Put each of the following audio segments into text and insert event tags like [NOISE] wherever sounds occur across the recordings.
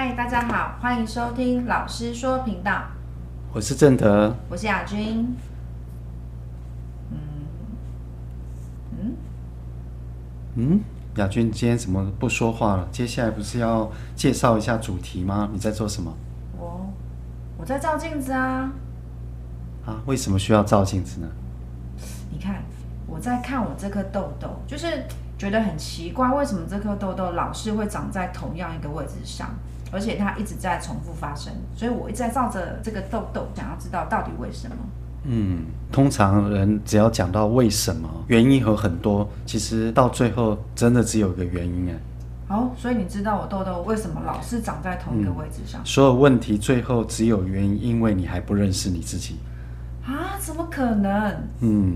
嗨，大家好，歡迎收聽老施說頻道。我是正德，我是雅君。嗯嗯嗯，雅君今天怎麼不說話了？接下來不是要介紹一下主題嗎？你在做什麼？我我在照鏡子啊。啊？為什麼需要照鏡子呢？你看，我在看我這顆痘痘，就是覺得很奇怪，為什麼這顆痘痘老是會長在同樣一個位置上？而且它一直在重複發生，所以我一直在照着這個痘痘想要知道到底為什麼。嗯，通常人只要講到為什麼，原因和很多，其實到最後真的只有一個原因誒。好、哦，所以你知道我痘痘為什麼老是長在同一個位置上？嗯？所有問題最後只有原因，因為你還不認識你自己啊。怎麼可能？嗯，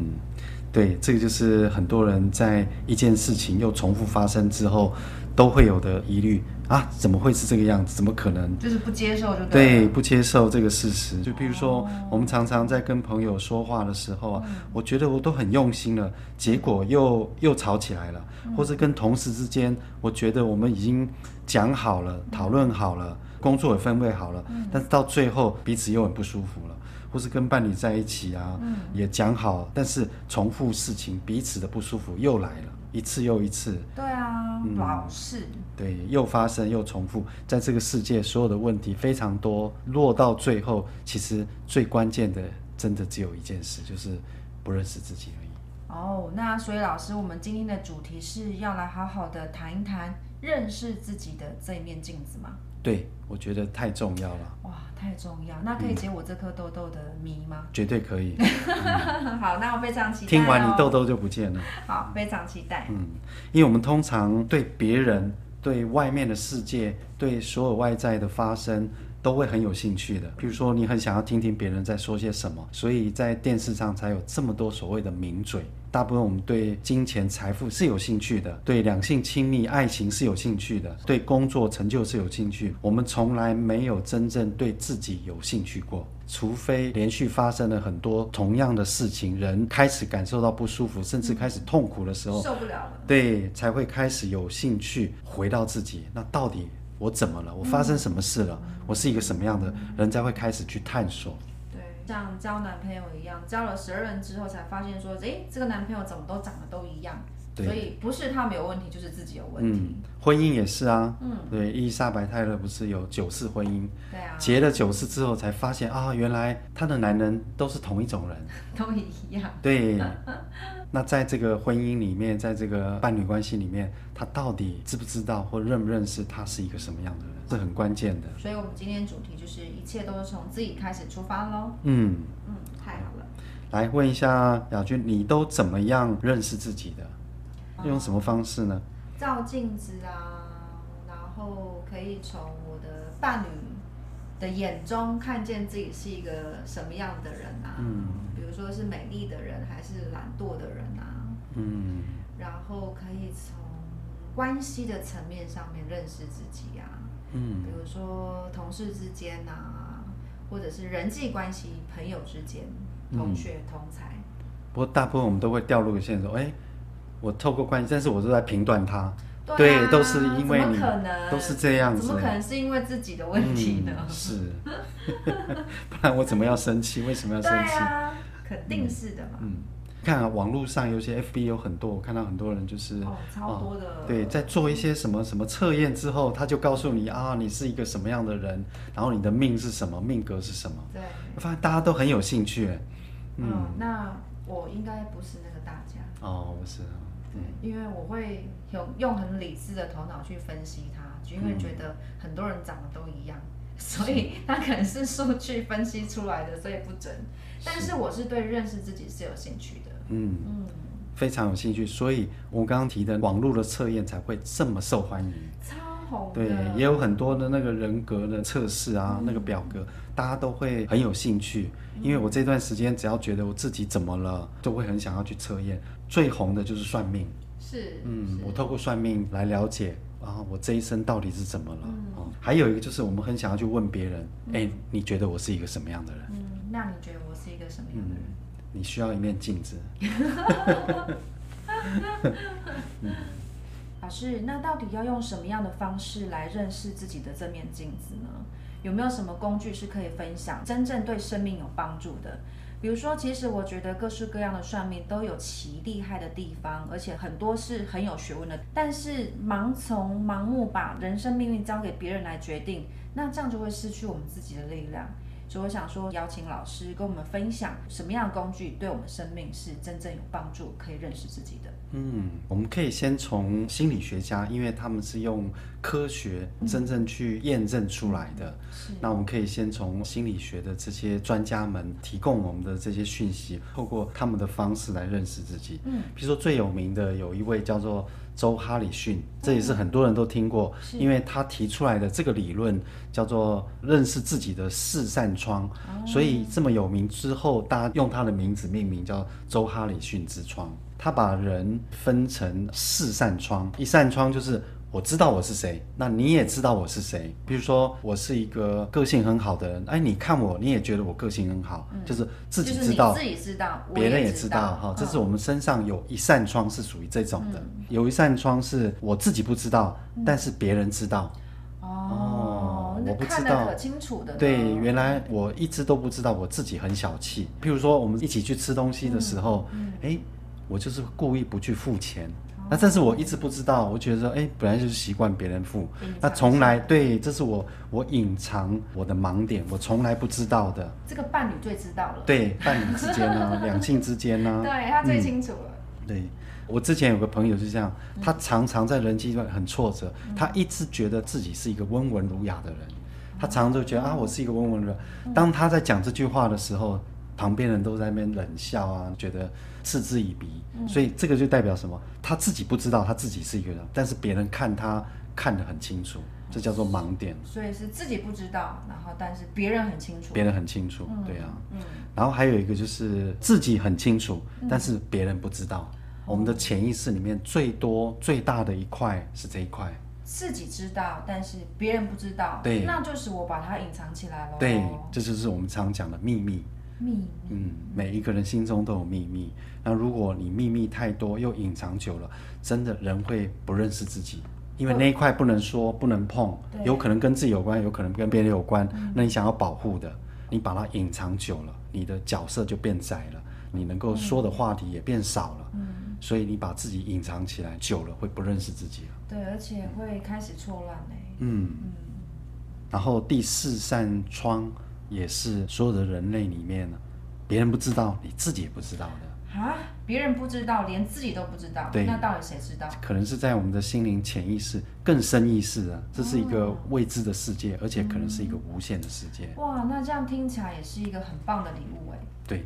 對，這個就是很多人在一件事情又重複發生之後。都會有的疑慮啊，怎麼會是這個樣子？怎麼可能？就是不接受就對,對不接受這個事實。就比如說、哦，我們常常在跟朋友說話的時候啊，嗯、我覺得我都很用心了，結果又又吵起來了。嗯、或是跟同事之間，我覺得我們已經講好了、嗯、討論好了、工作也分配好了、嗯，但是到最後彼此又很不舒服了。或是跟伴侶在一起啊、嗯，也講好，但是重複事情，彼此的不舒服又來了，一次又一次。對啊。老施、嗯，對，又發生又重複，在這個世界，所有的問題非常多，落到最後，其實最關鍵的，真的只有一件事，就是不認識自己而已。哦，那所以老師，我們今天的主題是要來好好的談一談認識自己的這一面鏡子嗎？對，我覺得太重要了。哇，太重要！那可以解我這顆痘痘的謎嗎？嗯、絕對可以。嗯、 [LAUGHS] 好，那我非常期待、哦。聽完你痘痘就不見了。 [LAUGHS] 好，非常期待。嗯，因為我們通常對別人、對外面的世界、對所有外在的發生，都會很有興趣的。比如說，你很想要聽聽別人在說些什麼，所以在電視上才有這麼多所謂的名嘴。大部分我們對金錢、財富是有興趣的，對兩性親密、愛情是有興趣的，對工作成就是有興趣。我們從來沒有真正對自己有興趣過，除非連續發生了很多同樣的事情，人開始感受到不舒服，甚至開始痛苦的時候，嗯、受不了了，對，才會開始有興趣回到自己。那到底我怎麼了？我發生什麼事了？嗯、我是一個什麼樣的人，才會開始去探索。像交男朋友一樣，交了十二任之後才發現說，說、欸、哎，這個男朋友怎麼都長得都一樣，所以不是他沒有問題，就是自己有問題。嗯、婚姻也是啊，嗯，對，伊麗莎白·泰勒不是有九次婚姻，對啊，結了九次之後才發現啊，原來她的男人都是同一種人，都一樣，對。 [LAUGHS] 那在這個婚姻裡面，在這個伴侶關係裡面，他到底知不知道或認不認識他是一個什麼樣的人？啊，這是很關鍵的。所以，我們今天主題就是一切都是從自己開始出發嘍。嗯嗯，太好了。來問一下雅君，你都怎麼樣認識自己的？用什麼方式呢？啊，照鏡子啊，然後可以從我的伴侶的眼中看見自己是一個什麼樣的人啊。嗯。比如說是美麗的人還是懶惰的人啊？嗯，然後可以從關係的層面上面認識自己啊，嗯，比如說同事之間啊，或者是人際關係、朋友之間、同學、嗯、同才。不過大部分我們都會掉入一個陷阱，哎，我透過關係，但是我都在評斷他，對，啊對，都是因為你，怎麼可能都是這樣子、啊，怎麼可能是因為自己的問題呢？嗯、是， [LAUGHS] 不然我怎麼要生氣？ [LAUGHS] 為什麼要生氣？肯定是的嘛。嗯，看啊，網絡上有些 FB 有很多，我看到很多人就是，哦，超多的，哦、對，在做一些什麼什麼測驗之後，他就告訴你啊，你是一個什麼樣的人，然後你的命是什麼，命格是什麼。對。我發現大家都很有興趣、哦。嗯、哦。那我應該不是那個大家。哦，不是、哦。對。因為我會有用很理智的頭腦去分析他，就因為覺得很多人長得都一樣，嗯、所以他可能是數據分析出來的，所以不準。但是我是對認識自己是有興趣的，嗯嗯，非常有興趣，所以我剛剛提的網絡的測驗才會這麼受歡迎，超紅的，對，也有很多的那個人格的測試啊，嗯、那個表格大家都會很有興趣，因為我這段時間只要覺得我自己怎麼了，嗯、都會很想要去測驗。最紅的就是算命，是，嗯，我透過算命來了解啊，我這一生到底是怎麼了、嗯嗯、還有一個就是我們很想要去問別人，哎、嗯，你覺得我是一個什麼樣的人？嗯那你覺得我是一個什麼樣的人？嗯、你需要一面鏡子 [LAUGHS] [LAUGHS] 嗯。老師，那到底要用什麼樣的方式來認識自己的這面鏡子呢？有沒有什麼工具是可以分享，真正對生命有幫助的？比如說，其實我覺得各式各樣的算命都有其厲害的地方，而且很多是很有學問的。但是，盲從、盲目把人生命運交給別人來決定，那這樣就會失去我們自己的力量。所以我想說，邀請老師跟我們分享什麼樣的工具對我們生命是真正有幫助，可以認識自己的。嗯，我們可以先從心理學家，因為他們是用科學真正去驗證出來的。嗯、是，那我們可以先從心理學的這些專家們提供我們的這些訊息，透過他們的方式來認識自己。嗯，比如說最有名的有一位叫做。周哈里遜，這也是很多人都聽過、嗯，因為他提出來的這個理論叫做認識自己的四扇窗，哦、所以這麼有名之後，大家用他的名字命名，叫周哈里遜之窗。他把人分成四扇窗，一扇窗就是。我知道我是誰，那你也知道我是誰。比如說，我是一個個性很好的人，哎，你看我，你也覺得我個性很好，嗯、就是自己知道，自己知道，別人也知道，哈、哦，這是我們身上有一扇窗是屬於這種的，嗯、有一扇窗是我自己不知道，嗯、但是別人知道。哦，哦看我不知道，可清楚的。對，原來我一直都不知道我自己很小氣。比如說，我們一起去吃東西的時候、嗯嗯，哎，我就是故意不去付錢。但是我一直不知道，我覺得說，哎、欸，本來就是習慣別人付，那從來對，這是我我隱藏我的盲點，我從來不知道的。這個伴侶最知道了，對，伴侶之間呢、啊，兩 [LAUGHS] 性之間呢、啊，對他最清楚了、嗯。對，我之前有個朋友是這樣，他常常在人際上很挫折，他一直覺得自己是一個溫文儒雅的人，他常常都覺得、嗯、啊，我是一個溫文儒雅。當他在講這句話的時候。旁邊人都在那邊冷笑啊，覺得嗤之以鼻，嗯，所以這個就代表什麼？他自己不知道他自己是一個人，但是別人看他看得很清楚，這叫做盲點。所以是自己不知道，然後但是別人很清楚。別人很清楚，對啊，嗯。然後還有一個就是自己很清楚，嗯，但是別人不知道。嗯，我們的潛意識裡面最多最大的一塊是這一塊，自己知道，但是別人不知道。對，那就是我把它隱藏起來了。對，這就是我們常講的秘密。嗯，每一個人心中都有秘密。那如果你秘密太多又隱藏久了，真的人會不認識自己，因為那一塊不能說、不能碰，有可能跟自己有關，有可能跟別人有關。嗯、那你想要保護的，你把它隱藏久了，你的角色就變窄了，你能夠說的話題也變少了。嗯、所以你把自己隱藏起來久了，會不認識自己了。對，而且會開始錯亂、欸、嗯、嗯，然後第四扇窗。也是所有的人類裡面，別人不知道，你自己也不知道的啊。別人不知道，連自己都不知道。對，那到底誰知道？可能是在我們的心靈潛意識、更深意識啊，這是一個未知的世界、哦，而且可能是一個無限的世界。哇，那這樣聽起來也是一個很棒的禮物哎。對，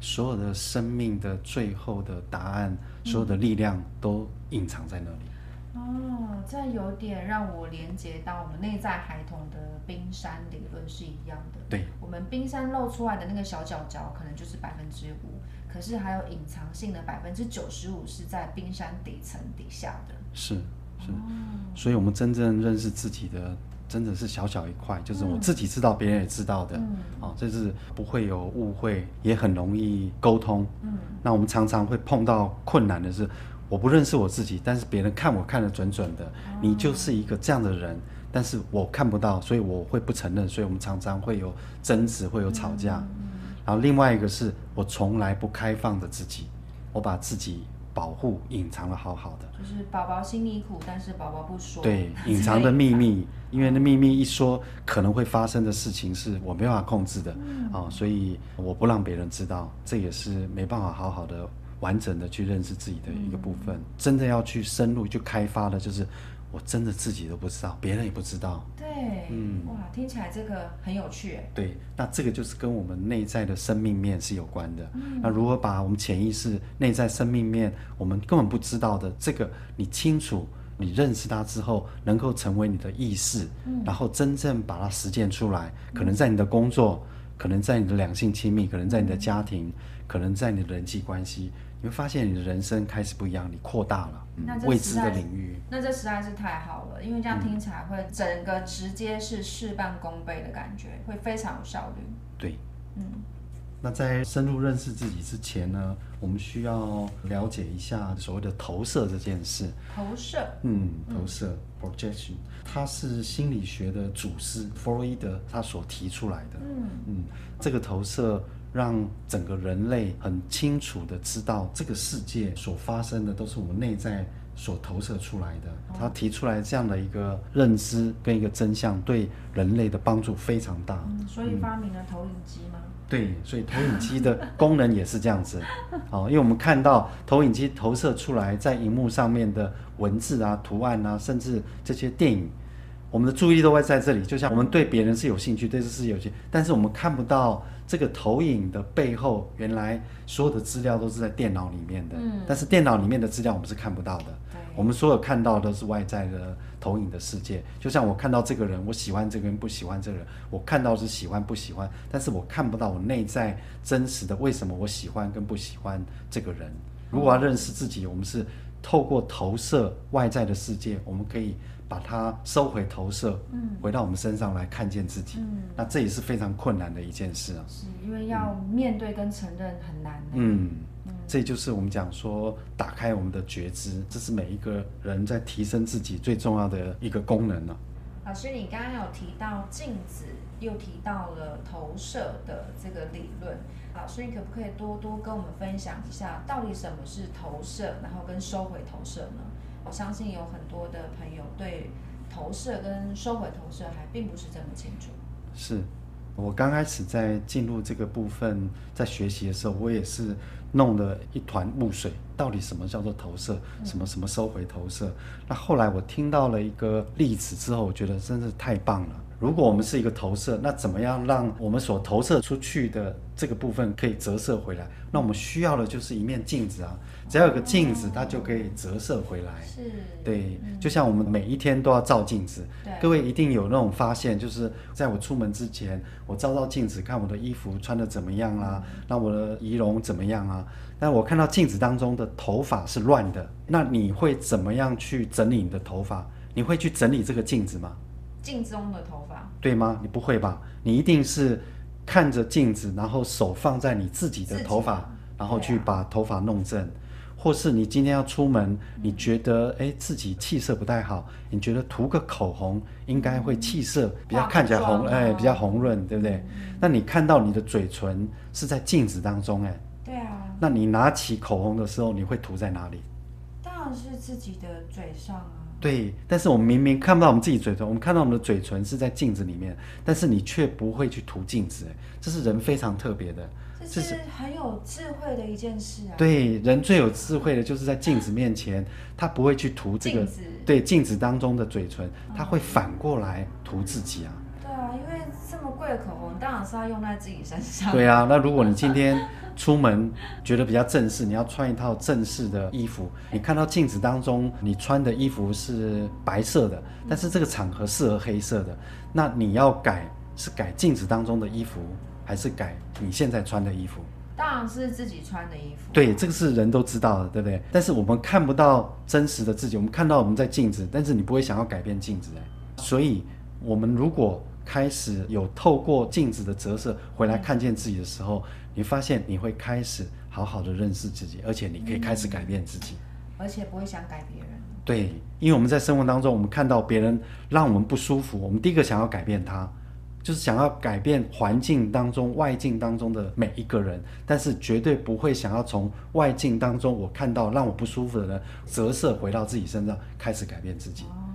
所有的生命的最後的答案，嗯、所有的力量都隱藏在那裡。哦，這有點讓我連接到我們內在孩童的冰山理論是一樣的。對，我們冰山露出來的那個小角角，可能就是百分之五，可是還有隱藏性的百分之九十五是在冰山底層底下的。是，是。哦、所以，我們真正認識自己的，真的是小小一塊，就是我自己知道，嗯、別人也知道的。啊、嗯，這、哦就是不會有誤會，也很容易溝通。嗯，那我們常常會碰到困難的是。我不認識我自己，但是別人看我看得準準的，哦。你就是一個這樣的人，但是我看不到，所以我會不承認。所以我們常常會有爭執，會有吵架，嗯嗯。然後另外一個是我從來不開放的自己，我把自己保護、隱藏的好好的。就是寶寶心裡苦，但是寶寶不說對。對，隱藏的秘密，因為那秘密一說，可能會發生的事情是我沒辦法控制的啊，嗯哦，所以我不讓別人知道，這也是沒辦法好好的。完整的去認識自己的一個部分，嗯、真的要去深入去開發的，就是我真的自己都不知道，別人也不知道。對，嗯，哇，聽起來這個很有趣耶。對，那這個就是跟我們內在的生命面是有關的。嗯、那如何把我們潛意識、內在生命面，我們根本不知道的這個，你清楚，你認識它之後，能夠成為你的意識、嗯，然後真正把它實踐出來，可能在你的工作。嗯可能在你的兩性親密，可能在你的家庭，可能在你的人際關係，你會發現你的人生開始不一樣，你擴大了、嗯、未知的領域那。那這實在是太好了，因為這樣聽起來會整個直接是事半功倍的感覺，會非常有效率。對，嗯。那在深入認識自己之前呢，我們需要了解一下所謂的投射這件事。投射，嗯，投射、嗯、（projection），它是心理學的祖師弗洛伊德他所提出來的。嗯嗯，這個投射讓整個人類很清楚的知道，這個世界所發生的都是我們內在。所投射出來的，他提出來這樣的一個認知跟一個真相，對人類的幫助非常大。嗯，所以發明了投影機嗎？嗯，對，所以投影機的功能也是這樣子。好、 [LAUGHS] 哦，因為我們看到投影機投射出來在熒幕上面的文字啊、圖案啊，甚至這些電影，我們的注意都會在這裡。就像我們對別人是有興趣，對這世界有興趣，但是我們看不到。這個投影的背後，原來所有的資料都是在電腦裡面的，嗯、但是電腦裡面的資料我們是看不到的。我們所有看到的都是外在的投影的世界，就像我看到這個人，我喜歡這個人，不喜歡這個人，我看到是喜歡不喜歡，但是我看不到我內在真實的為什麼我喜歡跟不喜歡這個人。嗯、如果要認識自己，我們是透過投射外在的世界，我們可以。把它收回投射，嗯，回到我們身上來看見自己，嗯。那這也是非常困難的一件事啊，是因為要面對跟承認很難，欸嗯。嗯，這就是我們講說打開我們的覺知，這是每一個人在提升自己最重要的一個功能了，啊。老師，你剛剛有提到鏡子，又提到了投射的這個理論。老師，你可不可以多多跟我們分享一下，到底什麼是投射，然後跟收回投射呢？我相信有很多的朋友對投射跟收回投射還並不是這麼清楚。是，我剛開始在進入這個部分在學習的時候，我也是弄了一團霧水，到底什麼叫做投射，什麼什麼收回投射。嗯，那後來我聽到了一個例子之後，我覺得真是太棒了。如果我們是一個投射，那怎麼樣讓我們所投射出去的這個部分可以折射回來？那我們需要的就是一面鏡子啊！只要有個鏡子，它就可以折射回來。是，對，就像我們每一天都要照鏡子。對，各位一定有那種發現，就是在我出門之前，我照照鏡子，看我的衣服穿得怎麼樣啊，那我的儀容怎麼樣啊？但我看到鏡子當中的頭髮是亂的，那你會怎麼樣去整理你的頭髮？你會去整理這個鏡子嗎？鏡中的頭髮對嗎？你不會吧？你一定是看着鏡子，然後手放在你自己的頭髮，然後去把頭髮弄正，啊，或是你今天要出門，你覺得誒、欸、自己氣色不太好，嗯、你覺得塗個口紅應該會氣色比較看起來紅，誒、啊欸，比較紅潤，對不對，嗯？那你看到你的嘴唇是在鏡子當中，欸，哎，對啊，那你拿起口紅的時候，你會塗在哪裡？是自己的嘴上啊，對，但是我們明明看不到我們自己嘴唇，我們看到我們的嘴唇是在鏡子裡面，但是你卻不會去塗鏡子，這是人非常特別的，這是，這是，這是很有智慧的一件事啊。對，人最有智慧的就是在鏡子面前，嗯、他不會去塗這個，對，鏡子當中的嘴唇，他會反過來塗自己啊。嗯啊，因為這麼貴的口紅，當然是要用在自己身上。對啊，那如果你今天出門覺得比較正式，你要穿一套正式的衣服，你看到鏡子當中你穿的衣服是白色的，但是這個場合適合黑色的，那你要改是改鏡子當中的衣服，還是改你現在穿的衣服？當然是自己穿的衣服。對，這個是人都知道的，對不對？但是我們看不到真實的自己，我們看到我們在鏡子，但是你不會想要改變鏡子。所以我們如果開始有透過鏡子的折射回來看見自己的時候、嗯，你發現你會開始好好的認識自己，而且你可以開始改變自己，嗯、而且不會想改別人。對，因為我們在生活當中，我們看到別人讓我們不舒服，我們第一個想要改變他，就是想要改變環境當中，外境當中的每一個人，但是絕對不會想要從外境當中我看到讓我不舒服的人折射回到自己身上，開始改變自己。哦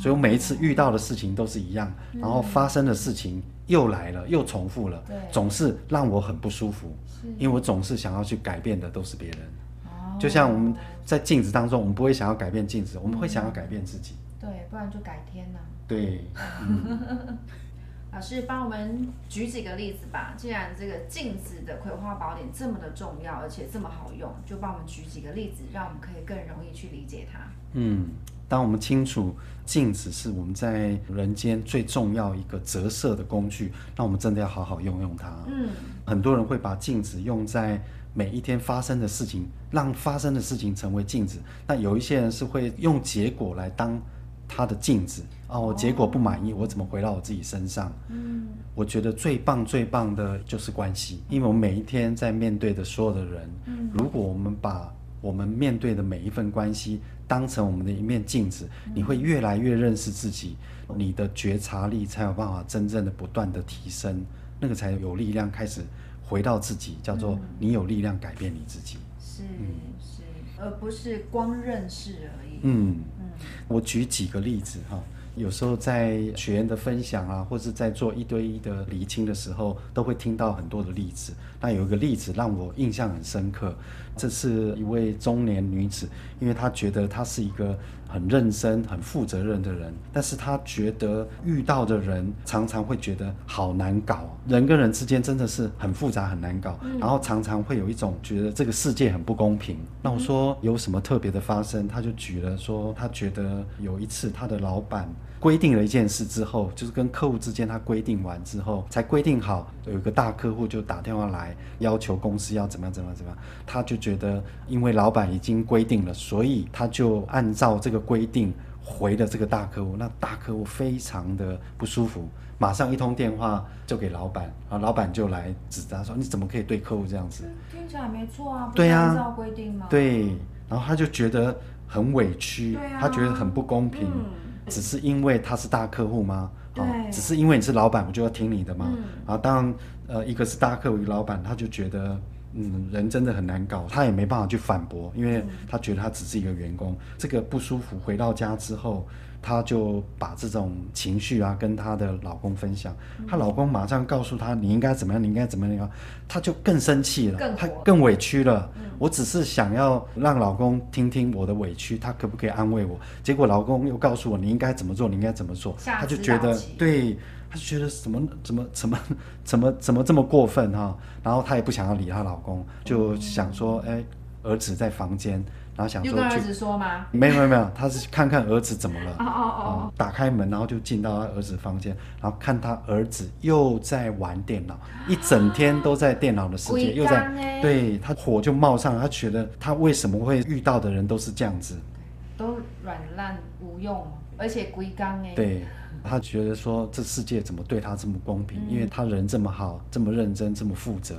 所以，我每一次遇到的事情都是一樣、嗯，然後發生的事情又來了，又重複了，對，總是讓我很不舒服。因為我總是想要去改變的都是別人，哦、就像我們在鏡子當中，我們不會想要改變鏡子、嗯，我們會想要改變自己。對，不然就改天呢、啊？對。 [LAUGHS] 老師，幫我們舉幾個例子吧。既然這個鏡子的葵花寶典這麼的重要，而且這麼好用，就幫我們舉幾個例子，讓我們可以更容易去理解它。嗯。當我們清楚鏡子是我們在人間最重要一個折射的工具，那我們真的要好好用用它。嗯，很多人會把鏡子用在每一天發生的事情，讓發生的事情成為鏡子。那有一些人是會用結果來當他的鏡子啊，我、哦、結果不滿意，哦，我怎麼回到我自己身上？嗯，我覺得最棒、最棒的就是關係，因為我們每一天在面對的所有的人、嗯，如果我們把我們面對的每一份關係，當成我們的一面鏡子，你會越來越認識自己，嗯，你的覺察力才有辦法真正的不斷的提升，那個才有力量開始回到自己，叫做你有力量改變你自己，嗯，是是，是，而不是光認識而已。嗯嗯，我舉幾個例子哈，有時候在學員的分享啊，或是在做一對一的釐清的時候，都會聽到很多的例子。那有一個例子讓我印象很深刻，這是一位中年女子，因為她覺得她是一個很認真、很負責任的人，但是她覺得遇到的人常常會覺得好難搞，人跟人之間真的是很複雜、很難搞，然後常常會有一種覺得這個世界很不公平。那我說有什麼特別的發生？她就舉了說，她覺得有一次她的老板。規定了一件事之後，就是跟客戶之間他規定完之後，才規定好，有一個大客戶就打電話來要求公司要怎麼樣怎麼樣怎麼樣，他就覺得因為老闆已經規定了，所以他就按照這個規定回了這個大客戶。那大客戶非常的不舒服，馬上一通電話就給老闆，然後老闆就來指責說：“你怎麼可以對客戶這樣子？”聽起來沒錯啊？不，對啊，按照規定嗎？對，然後他就覺得很委屈。啊、他覺得很不公平。嗯只是因為他是大客戶嗎？啊，只是因為你是老闆，我就要聽你的嗎？啊、嗯，當呃，一個是大客戶，一個老闆，他就覺得，嗯，人真的很難搞，他也沒辦法去反駁，因為他覺得他只是一個員工，嗯、這個不舒服，回到家之後。她就把這種情緒啊跟她的老公分享，她、嗯、老公馬上告訴她，你應該怎麼樣，你應該怎麼樣，她就更生氣了，她更，更委屈了、嗯。我只是想要讓老公聽聽我的委屈，他可不可以安慰我？結果老公又告訴我，你應該怎麼做，你應該怎麼做，他就覺得對，他就覺得怎麼怎麼怎麼怎麼怎麼，怎麼這麼過分哈、啊，然後她也不想要理她老公、嗯，就想說哎。欸兒子在房間，然後想說去。又跟兒子說嗎？沒有沒有沒有，他是看看兒子怎麼了。 [LAUGHS] 哦，哦哦哦。打開門，然後就進到他兒子房間，然後看他兒子又在玩電腦，啊、一整天都在電腦的世界，啊、又在對他火就冒上。他覺得他為什麼會遇到的人都是這樣子，都軟爛無用，而且龜剛誒，對，他覺得說這世界怎麼對他這麼不公平？嗯、因為他人這麼好，這麼認真，這麼負責。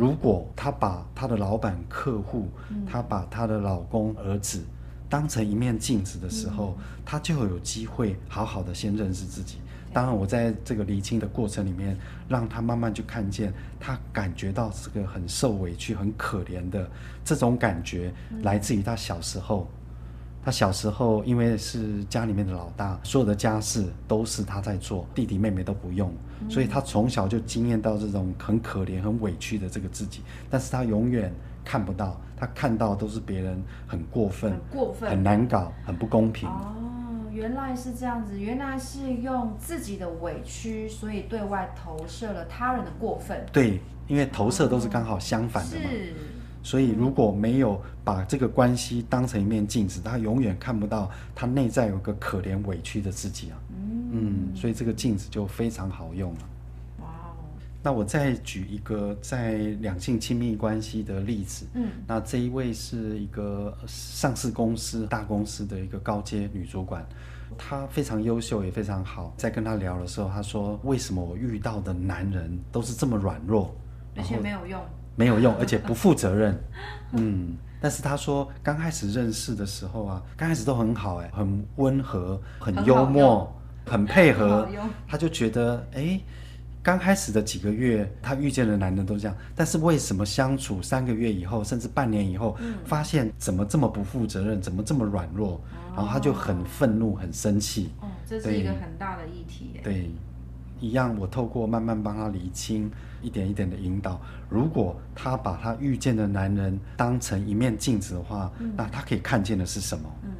如果她把她的老闆、客戶，她把她的老公、兒子當成一面鏡子的時候，她就有機會好好的先認識自己。當然，我在這個釐清的過程裡面，讓她慢慢去看見，她感覺到這個很受委屈、很可憐的這種感覺，來自於她小時候。他小時候因為是家裡面的老大，所有的家事都是他在做，弟弟妹妹都不用，嗯、所以他從小就經驗到這種很可憐、很委屈的這個自己，但是他永遠看不到，他看到都是別人很過分、很過分、很難搞、嗯、很不公平。哦，原來是這樣子，原來是用自己的委屈，所以對外投射了他人的過分。對，因為投射都是剛好相反的嘛。嗯。是。所以如果沒有把這個關係當成一面鏡子，嗯，他永遠看不到他內在有個可憐委屈的自己啊。嗯，嗯，所以這個鏡子就非常好用了，啊。哇哦！那我再舉一個在兩性親密關係的例子。嗯，那這一位是一個上市公司、大公司的一個高階女主管，她非常優秀，也非常好。在跟她聊的時候，她說：“為什麼我遇到的男人都是這麼軟弱，而且沒有用？”沒有用，而且不負責任。 [LAUGHS] 嗯，但是他說剛開始認識的時候啊，剛開始都很好、欸，哎，很溫和，很幽默，很，很配合 [LAUGHS] 很。他就覺得，哎、欸，剛開始的幾個月他遇見的男人都這樣，但是為什麼相處三個月以後，甚至半年以後，嗯、發現怎麼這麼不負責任，怎麼這麼軟弱、嗯？然後他就很憤怒，很生氣、哦。這是一個很大的議題。對。對一樣，我透過慢慢幫他理清，一點一點的引導。如果他把他遇見的男人當成一面鏡子的話。嗯。那他可以看見的是什麼？嗯，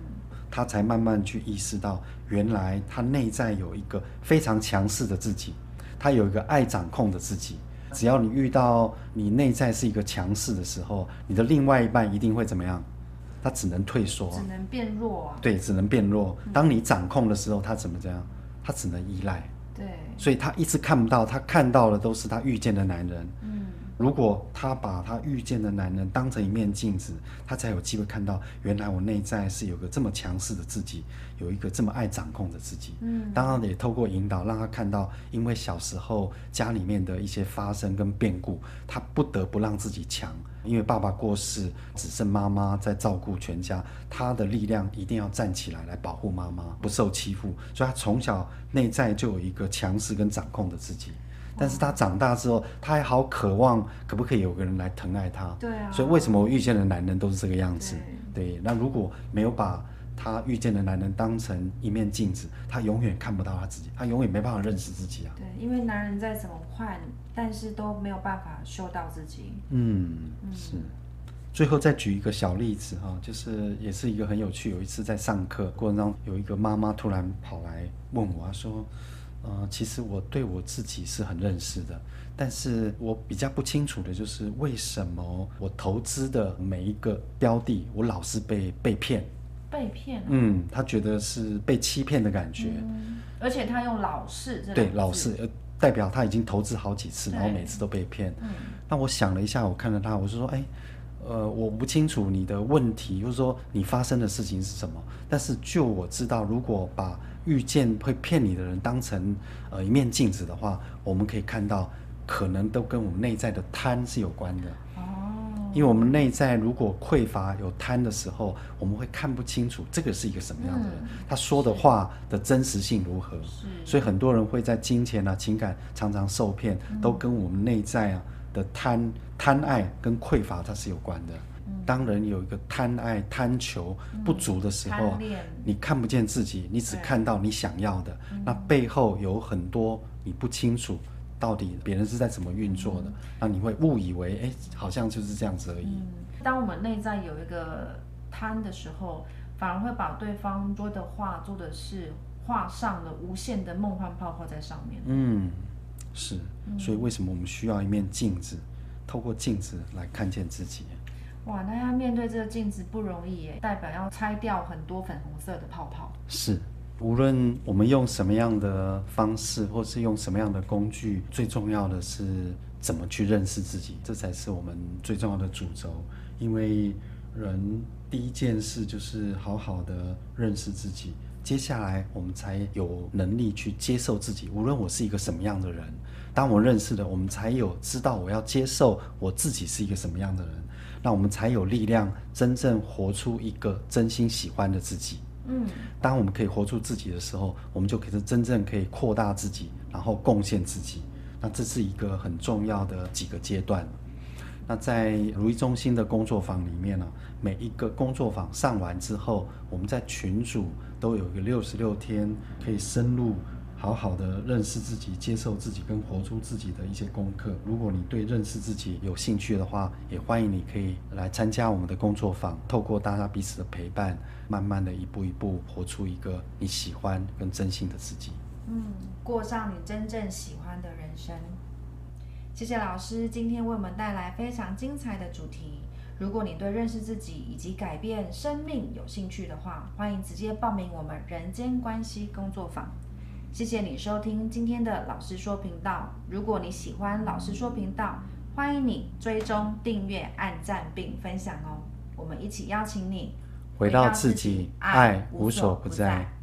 他才慢慢去意識到，原來他內在有一個非常強勢的自己，他有一個愛掌控的自己。只要你遇到你內在是一個強勢的時候，你的另外一半一定會怎麼樣？他只能退縮，只能變弱。對，只能變弱。嗯。當你掌控的時候，他怎麼這樣？他只能依賴。對，所以她一直看不到，她看到的都是她遇見的男人。嗯如果他把他遇見的男人當成一面鏡子，他才有機會看到原來我內在是有個這麼強勢的自己，有一個這麼愛掌控的自己。嗯，當然也透過引導，讓他看到，因為小時候家裡面的一些發生跟變故，他不得不讓自己強，因為爸爸過世，只剩媽媽在照顧全家，他的力量一定要站起來來保護媽媽不受欺負，所以他從小內在就有一個強勢跟掌控的自己。但是他長大之後，他還好渴望可不可以有個人來疼愛他。對啊。所以為什麼我遇見的男人都是這個樣子？對。對，那如果沒有把他遇見的男人當成一面鏡子，他永遠看不到他自己，他永遠沒辦法認識自己啊。對，因為男人再怎麼壞，但是都沒有辦法修到自己嗯。嗯，是。最後再舉一個小例子啊，就是也是一個很有趣。有一次在上課過程當中，有一個媽媽突然跑來問我，她說。嗯、呃，其實我對我自己是很認識的，但是我比較不清楚的就是為什麼我投資的每一個標的，我老是被被騙。被騙、啊？嗯，他覺得是被欺騙的感覺。嗯、而且他用“老是”對，老是、呃，代表他已經投資好幾次，然後每次都被騙。嗯、那我想了一下，我看了他，我就說，哎，呃，我不清楚你的問題，就是說你發生的事情是什麼？但是就我知道，如果把遇見會騙你的人，當成呃一面鏡子的話，我們可以看到，可能都跟我們內在的貪是有關的。哦，因為我們內在如果匱乏有貪的時候，我們會看不清楚這個是一個什麼樣的人，他說的話的真實性如何。所以很多人會在金錢啊、情感常常受騙，都跟我們內在啊的貪貪愛跟匱乏它是有關的。當人有一個貪愛、貪求不足的時候，嗯，你看不見自己，你只看到你想要的，那背後有很多你不清楚到底別人是在怎麼運作的，嗯、那你會誤以為，哎，好像就是這樣子而已，嗯。當我們內在有一個貪的時候，反而會把對方說的話、做的事畫上了無限的夢幻泡泡在上面。嗯，是，所以為什麼我們需要一面鏡子，透過鏡子來看見自己？哇，那要面對這個鏡子不容易耶，代表要拆掉很多粉紅色的泡泡。是，無論我們用什麼樣的方式，或是用什麼樣的工具，最重要的是怎麼去認識自己，這才是我們最重要的主軸。因為人第一件事就是好好的認識自己，接下來我們才有能力去接受自己。無論我是一個什麼樣的人。當我認識的，我們才有知道我要接受我自己是一個什麼樣的人，那我們才有力量真正活出一個真心喜歡的自己。嗯，當我們可以活出自己的時候，我們就可以真正可以擴大自己，然後貢獻自己。那這是一個很重要的幾個階段。那在如意中心的工作坊裡面呢、啊，每一個工作坊上完之後，我們在群組都有一個六十六天可以深入。好好的認識自己、接受自己跟活出自己的一些功課。如果你對認識自己有興趣的話，也歡迎你可以來參加我們的工作坊，透過大家彼此的陪伴，慢慢的一步一步活出一個你喜歡跟真心的自己。嗯，過上你真正喜歡的人生。謝謝老師今天為我們帶來非常精彩的主題。如果你對認識自己以及改變生命有興趣的話，歡迎直接報名我們人間關係工作坊。謝謝你收聽今天的老施說頻道。如果你喜歡老施說頻道，歡迎你追蹤、訂閱、按讚並分享哦。我們一起邀請你回到，回到自己，愛無所不在。